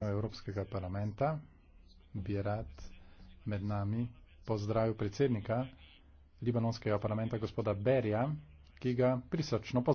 Evropskega parlamenta bi rad med nami pozdravil predsednika libanonskega parlamenta gospoda Berja, ki ga prisrčno pozdravlja.